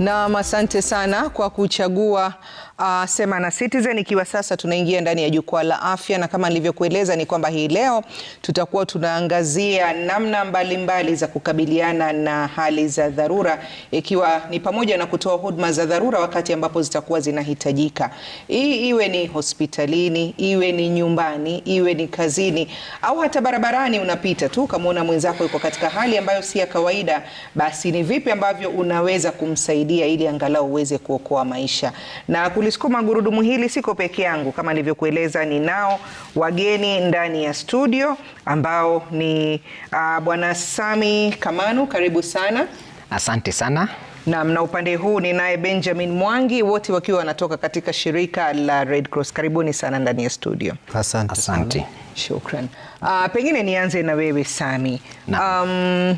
Naam, asante sana kwa kuchagua uh, sema na Citizen, ikiwa sasa tunaingia ndani ya jukwaa la afya, na kama nilivyokueleza ni kwamba hii leo tutakuwa tunaangazia namna mbalimbali mbali za kukabiliana na hali za dharura, ikiwa ni pamoja na kutoa huduma za dharura wakati ambapo zitakuwa zinahitajika, hii iwe ni hospitalini, iwe ni nyumbani, iwe ni kazini au hata barabarani, unapita tu ukamwona mwenzako yuko katika hali ambayo si ya kawaida, basi ni vipi ambavyo unaweza kumsaidia ili angalau uweze kuokoa maisha na kulisukuma gurudumu hili siko peke yangu, kama nilivyokueleza, ninao wageni ndani ya studio ambao ni uh, Bwana Sami Kamanu, karibu sana. Asante sana nam, na upande huu ninaye Benjamin Mwangi, wote wakiwa wanatoka katika shirika la Red Cross. Karibuni sana ndani ya studio. Asante, asante. Shukran. Uh, pengine nianze na wewe Sami. Um,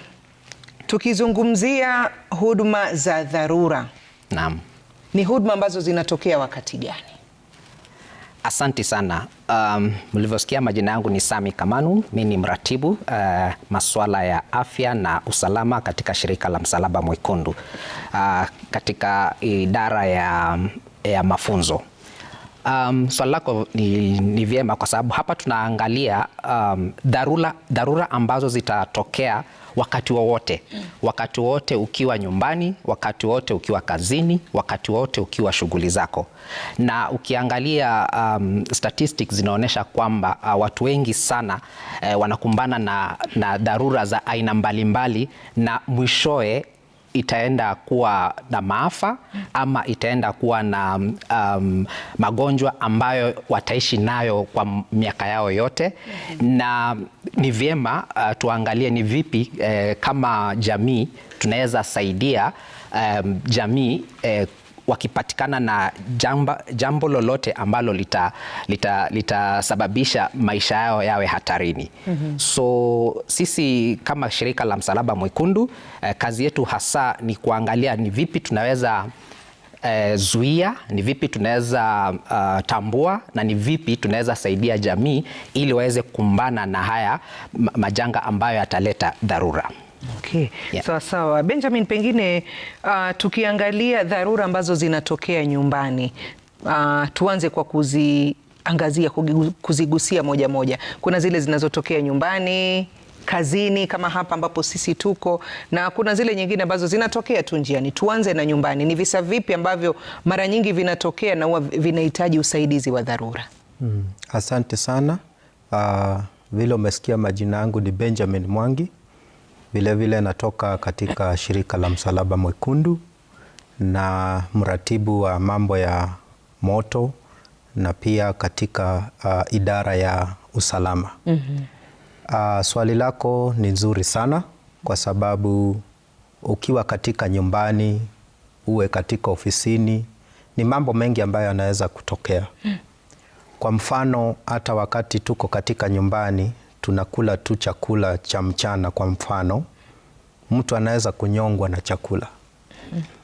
tukizungumzia huduma za dharura Naam ni huduma ambazo zinatokea wakati gani? Asante sana. Um, mlivyosikia majina yangu ni Sami Kamanu. mi ni mratibu uh, masuala ya afya na usalama katika shirika la Msalaba Mwekundu uh, katika idara ya, ya mafunzo Um, swali lako ni, ni vyema kwa sababu hapa tunaangalia um, dharura, dharura ambazo zitatokea wakati wowote wa wakati wowote ukiwa nyumbani, wakati wowote ukiwa kazini, wakati wowote ukiwa shughuli zako, na ukiangalia um, statistics zinaonyesha kwamba uh, watu wengi sana eh, wanakumbana na, na dharura za aina mbalimbali na mwishoe itaenda kuwa na maafa ama itaenda kuwa na um, magonjwa ambayo wataishi nayo kwa miaka yao yote. Na ni vyema uh, tuangalie ni vipi eh, kama jamii tunaweza saidia um, jamii eh, wakipatikana na jamba, jambo lolote ambalo litasababisha lita, lita maisha yao yawe hatarini. mm -hmm. So sisi kama shirika la Msalaba Mwekundu eh, kazi yetu hasa ni kuangalia ni vipi tunaweza eh, zuia, ni vipi tunaweza uh, tambua na ni vipi tunaweza saidia jamii ili waweze kukumbana na haya majanga ambayo yataleta dharura. Okay. Yeah. Sawa sawa. Benjamin, pengine uh, tukiangalia dharura ambazo zinatokea nyumbani uh, tuanze kwa kuziangazia kuzigusia moja moja. Kuna zile zinazotokea nyumbani kazini kama hapa ambapo sisi tuko na kuna zile nyingine ambazo zinatokea tu njiani. Tuanze na nyumbani, ni visa vipi ambavyo mara nyingi vinatokea na huwa vinahitaji usaidizi wa dharura? Hmm. Asante sana. Uh, vile umesikia majina yangu ni Benjamin Mwangi. Vilevile natoka katika shirika la Msalaba Mwekundu na mratibu wa mambo ya moto na pia katika uh, idara ya usalama. mm -hmm. Uh, swali lako ni nzuri sana kwa sababu ukiwa katika nyumbani, uwe katika ofisini, ni mambo mengi ambayo yanaweza kutokea. Mm. Kwa mfano hata wakati tuko katika nyumbani tunakula tu chakula cha mchana, kwa mfano, mtu anaweza kunyongwa na chakula.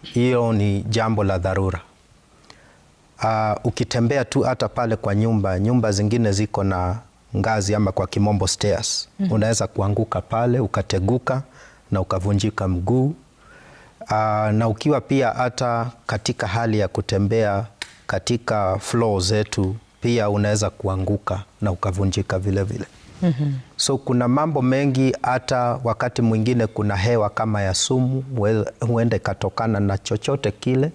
Hiyo ni jambo la dharura. Uh, ukitembea tu hata pale kwa nyumba, nyumba zingine ziko na ngazi ama kwa kimombo stairs. Mm -hmm. Unaweza kuanguka pale ukateguka na ukavunjika mguu. Uh, na ukiwa pia hata katika hali ya kutembea katika floor zetu pia unaweza kuanguka na ukavunjika vile vile mm -hmm. So kuna mambo mengi, hata wakati mwingine kuna hewa kama ya sumu huenda ikatokana na chochote kile,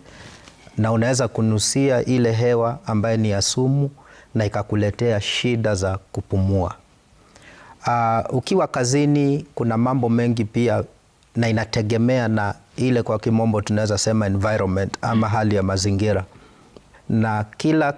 na unaweza kunusia ile hewa ambayo ni ya sumu na ikakuletea shida za kupumua. Uh, ukiwa kazini kuna mambo mengi pia, na inategemea na ile kwa kimombo tunaweza sema environment ama mm-hmm. hali ya mazingira, na kila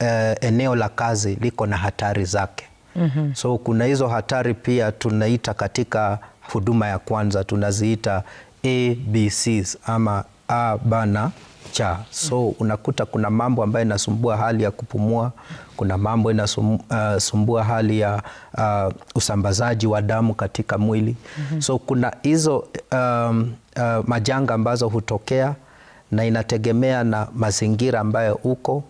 uh, eneo la kazi liko na hatari zake mm -hmm. So kuna hizo hatari pia tunaita katika huduma ya kwanza tunaziita ABCs ama A bana cha. So unakuta kuna mambo ambayo inasumbua hali ya kupumua, kuna mambo inasumbua uh, hali ya uh, usambazaji wa damu katika mwili mm -hmm. So kuna hizo um, uh, majanga ambazo hutokea na inategemea na mazingira ambayo uko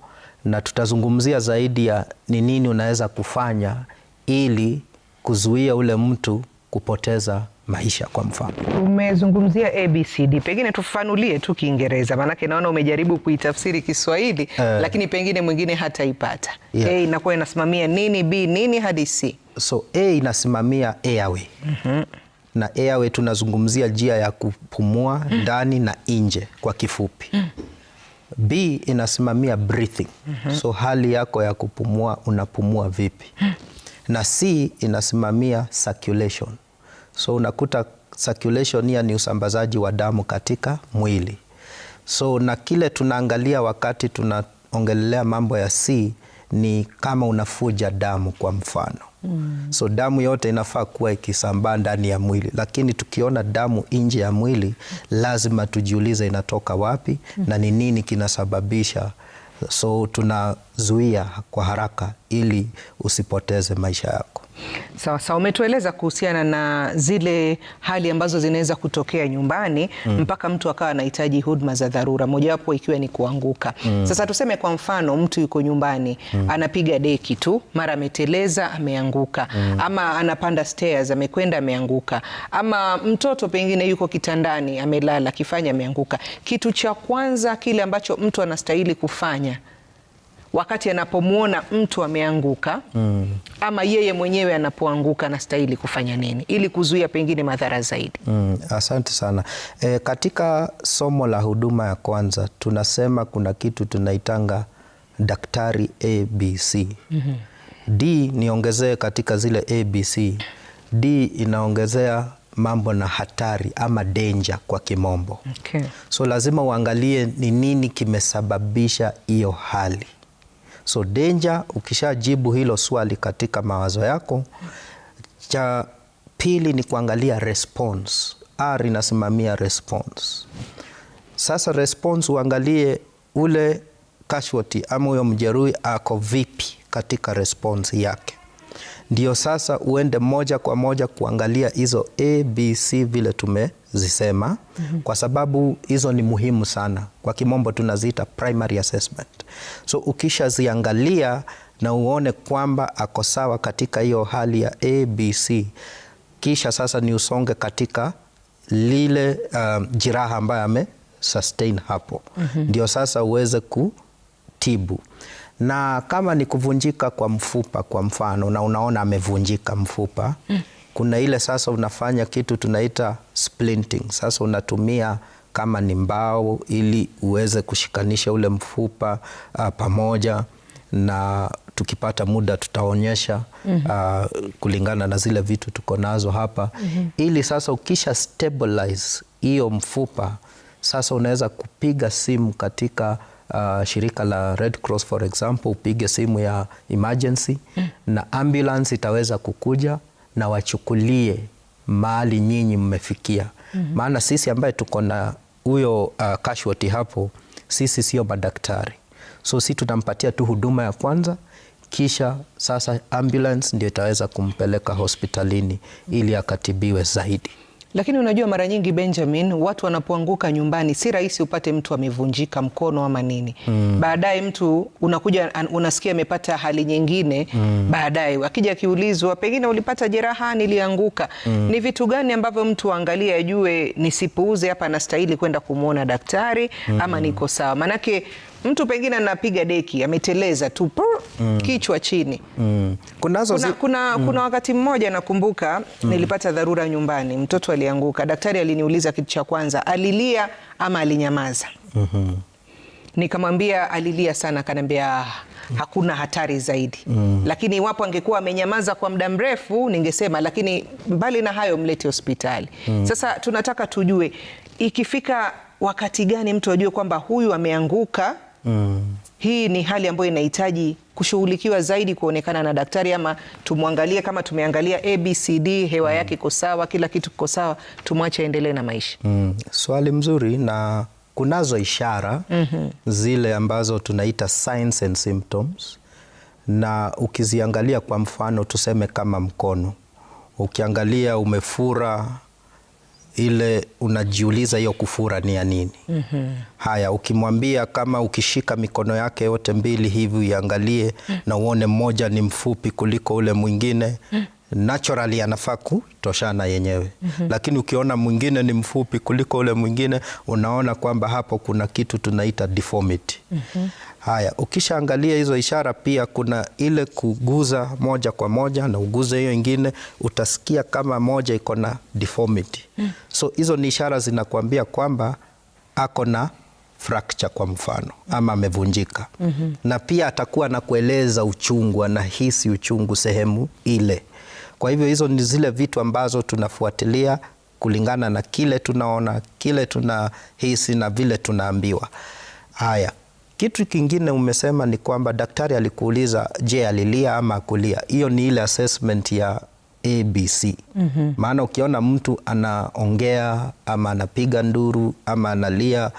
na tutazungumzia zaidi ya ni nini unaweza kufanya ili kuzuia ule mtu kupoteza maisha kwa mfano. Umezungumzia ABCD, pengine tufafanulie tu Kiingereza, maanake naona umejaribu kuitafsiri Kiswahili uh, lakini pengine mwingine ipata Yeah. A inakuwa inasimamia nini, B nini hadi C? So A inasimamia airway. mm -hmm. na airway tunazungumzia njia ya kupumua mm. ndani mm. na nje kwa kifupi mm. B inasimamia breathing. Mm -hmm. So hali yako ya kupumua unapumua vipi? Mm -hmm. Na C inasimamia circulation. So unakuta circulation hiya ni usambazaji wa damu katika mwili. So na kile tunaangalia wakati tunaongelelea mambo ya C ni kama unafuja damu kwa mfano. Mm. So damu yote inafaa kuwa ikisambaa ndani ya mwili, lakini tukiona damu nje ya mwili lazima tujiulize inatoka wapi mm. na ni nini kinasababisha, so tunazuia kwa haraka ili usipoteze maisha yako. Sawa sawa, umetueleza kuhusiana na zile hali ambazo zinaweza kutokea nyumbani mm. mpaka mtu akawa anahitaji huduma za dharura, mojawapo ikiwa ni kuanguka mm. Sasa tuseme kwa mfano mtu yuko nyumbani mm. anapiga deki tu, mara ameteleza, ameanguka mm. ama anapanda stairs, amekwenda, ameanguka, ama mtoto pengine yuko kitandani, amelala, kifanya, ameanguka. Kitu cha kwanza kile ambacho mtu anastahili kufanya wakati anapomwona mtu ameanguka mm. ama yeye mwenyewe anapoanguka anastahili kufanya nini ili kuzuia pengine madhara zaidi? Mm, asante sana. E, katika somo la huduma ya kwanza tunasema kuna kitu tunaitanga daktari ABC. mm -hmm. D niongezee katika zile ABC, D inaongezea mambo na hatari ama danger kwa kimombo. Okay. So lazima uangalie ni nini kimesababisha hiyo hali So danger, ukishajibu hilo swali katika mawazo yako, cha pili ni kuangalia response. R inasimamia response. Sasa response, uangalie ule casualty ama huyo mjeruhi ako vipi katika response yake, ndio sasa uende moja kwa moja kuangalia hizo A, B, C vile tume zisema mm-hmm. Kwa sababu hizo ni muhimu sana, kwa kimombo tunaziita primary assessment. So ukishaziangalia na uone kwamba ako sawa katika hiyo hali ya ABC, kisha sasa ni usonge katika lile um, jiraha ambayo ame sustain hapo mm-hmm. Ndio sasa uweze kutibu na kama ni kuvunjika kwa mfupa kwa mfano, na unaona amevunjika mfupa mm-hmm kuna ile sasa unafanya kitu tunaita splinting. Sasa unatumia kama ni mbao ili uweze kushikanisha ule mfupa uh, pamoja na tukipata muda tutaonyesha mm -hmm. uh, kulingana na zile vitu tuko nazo hapa mm -hmm. ili sasa ukisha stabilize hiyo mfupa sasa unaweza kupiga simu katika uh, shirika la Red Cross for example, upige simu ya emergency mm -hmm. na ambulance itaweza kukuja na wachukulie mahali nyinyi mmefikia. mm -hmm. Maana sisi ambaye tuko na huyo uh, kashwati hapo, sisi sio madaktari, so si tunampatia tu huduma ya kwanza kisha sasa ambulance ndio itaweza kumpeleka hospitalini ili akatibiwe zaidi. Lakini unajua mara nyingi Benjamin, watu wanapoanguka nyumbani si rahisi upate mtu amevunjika mkono ama nini mm. Baadaye mtu unakuja unasikia amepata hali nyingine mm. Baadaye akija akiulizwa, pengine ulipata jeraha, nilianguka mm. Ni vitu gani ambavyo mtu aangalie ajue nisipuuze hapa, anastahili kwenda kumwona daktari mm. ama niko sawa, manake mtu pengine anapiga deki ameteleza tu mm. kichwa chini mm. kuna, zi... kuna, mm. kuna wakati mmoja nakumbuka mm. nilipata dharura nyumbani, mtoto alianguka. Daktari aliniuliza kitu cha kwanza, alilia ama alinyamaza? mm -hmm. Nikamwambia alilia sana, akaniambia ah, hakuna hatari zaidi. mm. Lakini iwapo angekuwa amenyamaza kwa muda mrefu ningesema, lakini mbali na hayo mlete hospitali. mm. Sasa tunataka tujue ikifika wakati gani mtu ajue kwamba huyu ameanguka mm. Hii ni hali ambayo inahitaji kushughulikiwa zaidi, kuonekana na daktari ama tumwangalie kama tumeangalia ABCD, hewa mm. yake iko sawa, kila kitu kiko sawa, tumwache aendelee na maisha mm. Swali mzuri na kunazo ishara mm -hmm. zile ambazo tunaita signs and symptoms, na ukiziangalia kwa mfano tuseme kama mkono ukiangalia umefura ile unajiuliza hiyo kufura ni ya nini? mm -hmm. Haya, ukimwambia kama ukishika mikono yake yote mbili hivi uiangalie, mm -hmm. na uone mmoja ni mfupi kuliko ule mwingine, mm -hmm. naturally anafaa kutoshana yenyewe, mm -hmm. lakini ukiona mwingine ni mfupi kuliko ule mwingine, unaona kwamba hapo kuna kitu tunaita deformity. mm -hmm. Haya, ukishaangalia hizo ishara, pia kuna ile kuguza moja kwa moja na uguze hiyo ingine, utasikia kama moja iko na deformity mm. So hizo ni ishara zinakuambia kwamba ako na fracture kwa mfano ama amevunjika mm -hmm. Na pia atakuwa na kueleza uchungu, anahisi uchungu sehemu ile. Kwa hivyo hizo ni zile vitu ambazo tunafuatilia kulingana na kile tunaona, kile tunahisi na vile tunaambiwa. Haya. Kitu kingine umesema ni kwamba daktari alikuuliza, je, alilia ama akulia? Hiyo ni ile assessment ya ABC. mm -hmm. Maana ukiona mtu anaongea ama anapiga nduru ama analia,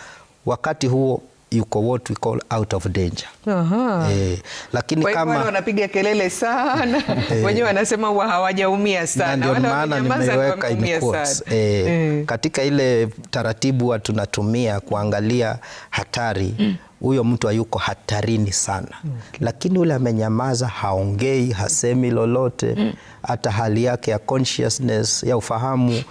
wakati huo yuko what we call out of danger. Aha. E, lakini kwa kama wanapiga kelele sana e, wenyewe wanasema huwa hawajaumia sana, ndio maana nimeweka in imekuwa e, eh, katika ile taratibu tunatumia kuangalia hatari mm huyo mtu hayuko hatarini sana okay. Lakini ule amenyamaza, haongei, hasemi lolote, mm. hata hali yake ya consciousness ya ufahamu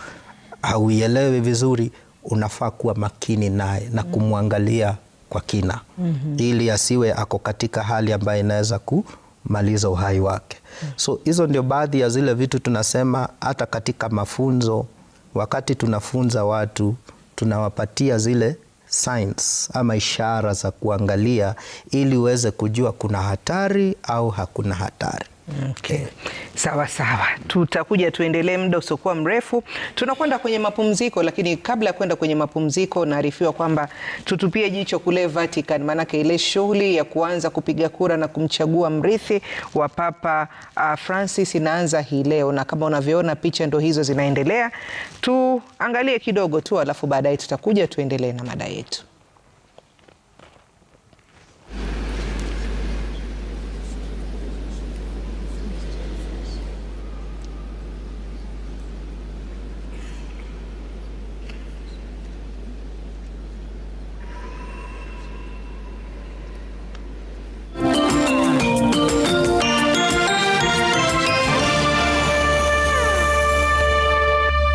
hauielewi vizuri, unafaa kuwa makini naye na mm. kumwangalia kwa kina mm -hmm. ili asiwe ako katika hali ambayo inaweza kumaliza uhai wake mm -hmm. So hizo ndio baadhi ya zile vitu tunasema, hata katika mafunzo, wakati tunafunza watu tunawapatia zile signs ama ishara za kuangalia ili uweze kujua kuna hatari au hakuna hatari. Okay. Sawa sawa, tutakuja tuendelee muda usiokuwa mrefu. Tunakwenda kwenye mapumziko, lakini kabla ya kwenda kwenye mapumziko, naarifiwa kwamba tutupie jicho kule Vatican, maanake ile shughuli ya kuanza kupiga kura na kumchagua mrithi wa Papa uh, Francis inaanza hii leo, na kama unavyoona picha ndo hizo zinaendelea. Tuangalie kidogo tu, alafu baadaye tutakuja tuendelee na mada yetu.